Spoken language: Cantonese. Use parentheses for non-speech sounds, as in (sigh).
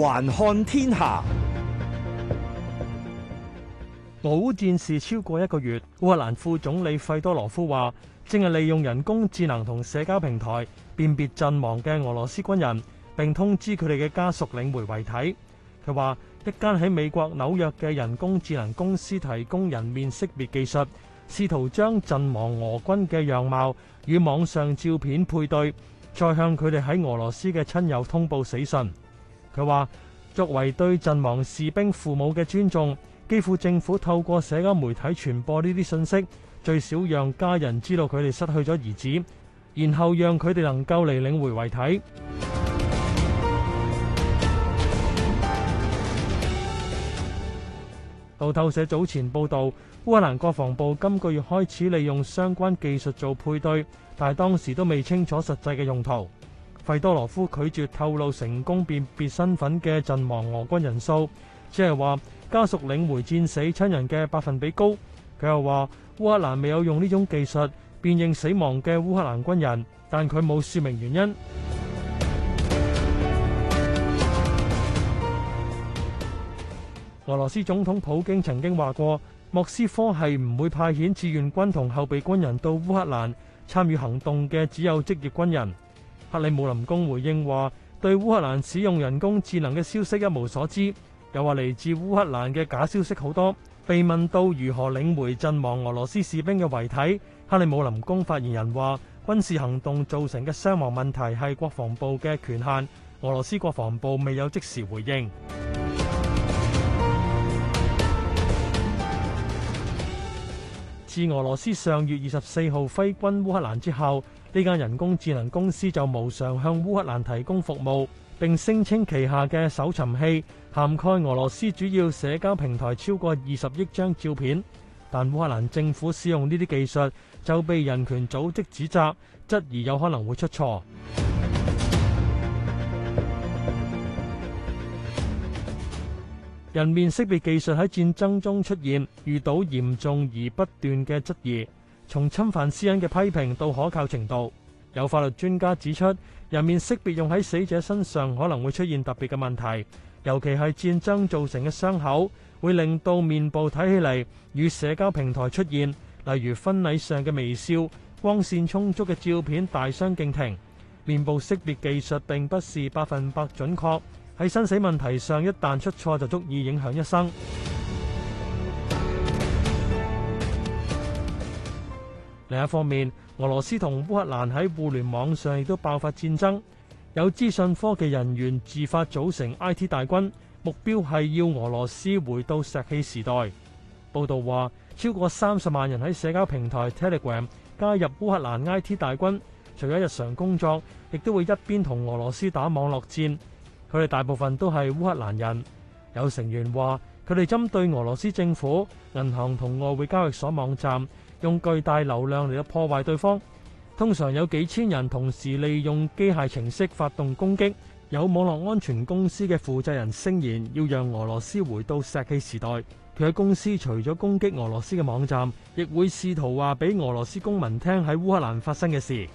環看天下，俄烏戰事超過一個月，烏克蘭副總理費多羅夫話，正係利用人工智能同社交平台辨別陣亡嘅俄羅斯軍人，並通知佢哋嘅家屬領回遺體。佢話一間喺美國紐約嘅人工智能公司提供人面識別技術，試圖將陣亡俄軍嘅樣貌與網上照片配對，再向佢哋喺俄羅斯嘅親友通報死訊。佢話：作為對陣亡士兵父母嘅尊重，幾乎政府透過社交媒體傳播呢啲信息，最少讓家人知道佢哋失去咗兒子，然後讓佢哋能夠嚟領回遺體。路 (music) 透社早前報導，烏克蘭國防部今個月開始利用相關技術做配對，但係當時都未清楚實際嘅用途。費多羅夫拒絕透露成功辨別身份嘅陣亡俄軍人數，即係話家屬領回戰死親人嘅百分比高。佢又話烏克蘭未有用呢種技術辨認死亡嘅烏克蘭軍人，但佢冇說明原因。俄羅斯總統普京曾經話過，莫斯科係唔會派遣志願軍同後備軍人到烏克蘭參與行動嘅，只有職業軍人。克里姆林宮回應話對烏克蘭使用人工智能嘅消息一無所知，又話嚟自烏克蘭嘅假消息好多。被問到如何領回陣亡俄羅斯士兵嘅遺體，克里姆林宮發言人話軍事行動造成嘅傷亡問題係國防部嘅權限，俄羅斯國防部未有即時回應。自俄羅斯上月二十四號揮軍烏克蘭之後，呢間人工智能公司就無償向烏克蘭提供服務，並聲稱旗下嘅搜尋器涵蓋俄羅斯主要社交平台超過二十億張照片。但烏克蘭政府使用呢啲技術就被人權組織指責，質疑有可能會出錯。人面識別技術喺戰爭中出現，遇到嚴重而不斷嘅質疑。從侵犯私隱嘅批評到可靠程度，有法律專家指出，人面識別用喺死者身上可能會出現特別嘅問題，尤其係戰爭造成嘅傷口會令到面部睇起嚟與社交平台出現，例如婚禮上嘅微笑、光線充足嘅照片大相徑庭。面部識別技術並不是百分百準確，喺生死問題上一旦出錯就足以影響一生。另一方面，俄羅斯同烏克蘭喺互聯網上亦都爆發戰爭，有資訊科技人員自發組成 IT 大軍，目標係要俄羅斯回到石器時代。報道話，超過三十萬人喺社交平台 Telegram 加入烏克蘭 IT 大軍，除咗日常工作，亦都會一邊同俄羅斯打網絡戰。佢哋大部分都係烏克蘭人，有成員話，佢哋針對俄羅斯政府、銀行同外匯交易所網站。用巨大流量嚟到破壞對方，通常有幾千人同時利用機械程式發動攻擊。有網絡安全公司嘅負責人聲言，要讓俄羅斯回到石器時代。佢哋公司除咗攻擊俄羅斯嘅網站，亦會試圖話俾俄羅斯公民聽喺烏克蘭發生嘅事。